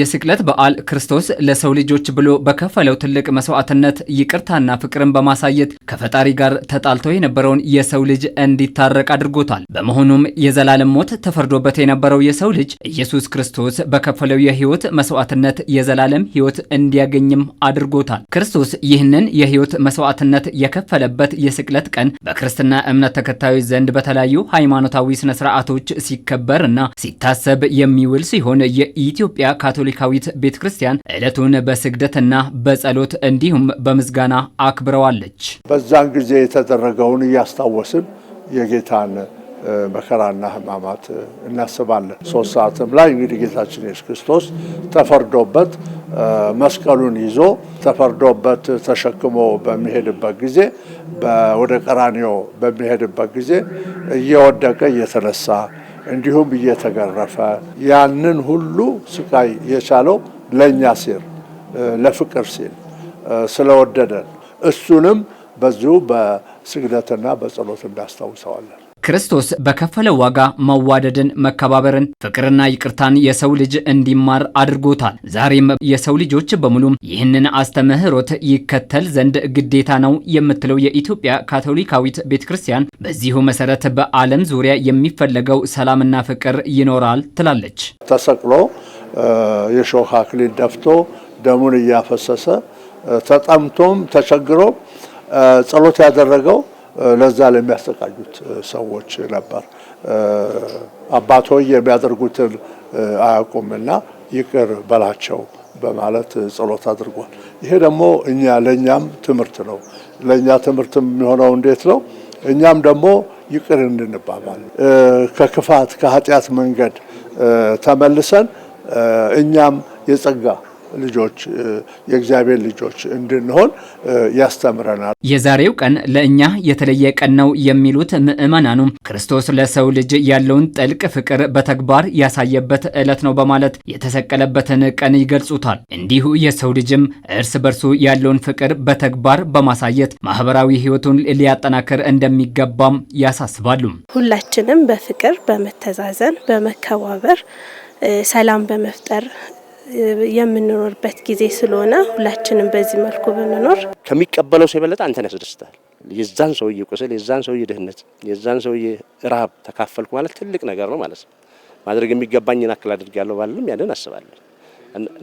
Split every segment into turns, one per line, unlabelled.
የስቅለት በዓል ክርስቶስ ለሰው ልጆች ብሎ በከፈለው ትልቅ መስዋዕትነት ይቅርታና ፍቅርን በማሳየት ከፈጣሪ ጋር ተጣልቶ የነበረውን የሰው ልጅ እንዲታረቅ አድርጎታል። በመሆኑም የዘላለም ሞት ተፈርዶበት የነበረው የሰው ልጅ ኢየሱስ ክርስቶስ በከፈለው የሕይወት መስዋዕትነት የዘላለም ሕይወት እንዲያገኝም አድርጎታል። ክርስቶስ ይህንን የሕይወት መስዋዕትነት የከፈለበት የስቅለት ቀን በክርስትና እምነት ተከታዮች ዘንድ በተለያዩ ሃይማኖታዊ ስነ ስርዓቶች ሲከበር እና ሲታሰብ የሚውል ሲሆን የኢትዮጵያ ካቶ ካቶሊካዊት ቤተ ክርስቲያን ዕለቱን በስግደትና በጸሎት እንዲሁም በምስጋና አክብረዋለች።
በዛን ጊዜ የተደረገውን እያስታወስን የጌታን መከራና ሕማማት እናስባለን። ሶስት ሰዓትም ላይ እንግዲህ ጌታችን ኢየሱስ ክርስቶስ ተፈርዶበት መስቀሉን ይዞ ተፈርዶበት ተሸክሞ በሚሄድበት ጊዜ ወደ ቀራኒዮ በሚሄድበት ጊዜ እየወደቀ እየተነሳ እንዲሁም እየተገረፈ ያንን ሁሉ ስቃይ የቻለው ለእኛ ሲል ለፍቅር ሲል ስለወደደን እሱንም በዚሁ በስግደትና በጸሎት እንዳስታውሰዋለን።
ክርስቶስ በከፈለ ዋጋ መዋደድን፣ መከባበርን፣ ፍቅርና ይቅርታን የሰው ልጅ እንዲማር አድርጎታል። ዛሬም የሰው ልጆች በሙሉም ይህንን አስተምህሮት ይከተል ዘንድ ግዴታ ነው የምትለው የኢትዮጵያ ካቶሊካዊት ቤተክርስቲያን በዚሁ መሰረት በዓለም ዙሪያ የሚፈለገው ሰላምና ፍቅር ይኖራል ትላለች።
ተሰቅሎ የሾህ አክሊል ደፍቶ ደሙን እያፈሰሰ ተጠምቶም ተቸግሮ ጸሎት ያደረገው ለዛ ለሚያሰቃዩት ሰዎች ነበር። አባቶ የሚያደርጉትን አያውቁምና ይቅር በላቸው በማለት ጸሎት አድርጓል። ይሄ ደግሞ እኛ ለእኛም ትምህርት ነው። ለእኛ ትምህርት የሚሆነው እንዴት ነው? እኛም ደግሞ ይቅር እንንባባል ከክፋት ከኃጢአት መንገድ ተመልሰን እኛም የጸጋ ልጆች የእግዚአብሔር ልጆች እንድንሆን ያስተምረናል።
የዛሬው ቀን ለእኛ የተለየ ቀን ነው የሚሉት ምዕመናኑ ክርስቶስ ለሰው ልጅ ያለውን ጥልቅ ፍቅር በተግባር ያሳየበት ዕለት ነው በማለት የተሰቀለበትን ቀን ይገልጹታል። እንዲሁ የሰው ልጅም እርስ በርሱ ያለውን ፍቅር በተግባር በማሳየት ማህበራዊ ሕይወቱን ሊያጠናክር እንደሚገባም ያሳስባሉ።
ሁላችንም በፍቅር በመተዛዘን፣ በመከባበር፣ ሰላም በመፍጠር የምንኖርበት ጊዜ ስለሆነ ሁላችንም በዚህ መልኩ ብንኖር
ከሚቀበለው ሰው የበለጠ አንተን ያስደስታል። የዛን ሰውዬ ቁስል፣ የዛን ሰውዬ ድህነት፣ የዛን ሰውዬ ረሃብ ተካፈልኩ ማለት ትልቅ ነገር ነው ማለት ነው። ማድረግ የሚገባኝን አክል አድርጌያለሁ ባለም ያንን አስባለን።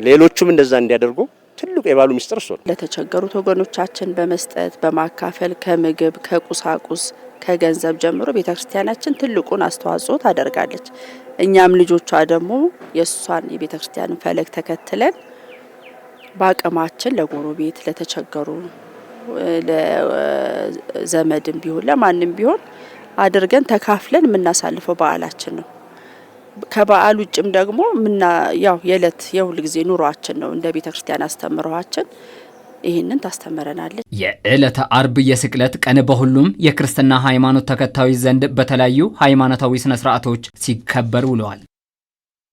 ሌሎቹም እንደዛ እንዲያደርጉ ትልቁ የባሉ ሚስጥር እሱ ነው።
ለተቸገሩት ወገኖቻችን በመስጠት በማካፈል ከምግብ ከቁሳቁስ ከገንዘብ ጀምሮ ቤተክርስቲያናችን ትልቁን አስተዋጽኦ ታደርጋለች። እኛም ልጆቿ ደግሞ የእሷን የቤተክርስቲያንን ፈለግ ተከትለን በአቅማችን ለጎረቤት፣ ለተቸገሩ፣ ለዘመድም ቢሆን ለማንም ቢሆን አድርገን ተካፍለን የምናሳልፈው በዓላችን ነው። ከበዓል ውጭም ደግሞ ምና ያው የዕለት ጊዜ ኑሯችን ነው እንደ ቤተክርስቲያን አስተምረዋችን ይህንን ታስተምረናለች።
የዕለተ አርብ የስቅለት ቀን በሁሉም የክርስትና ሃይማኖት ተከታዮች ዘንድ በተለያዩ ሃይማኖታዊ ስነስርዓቶች ሲከበር ውለዋል።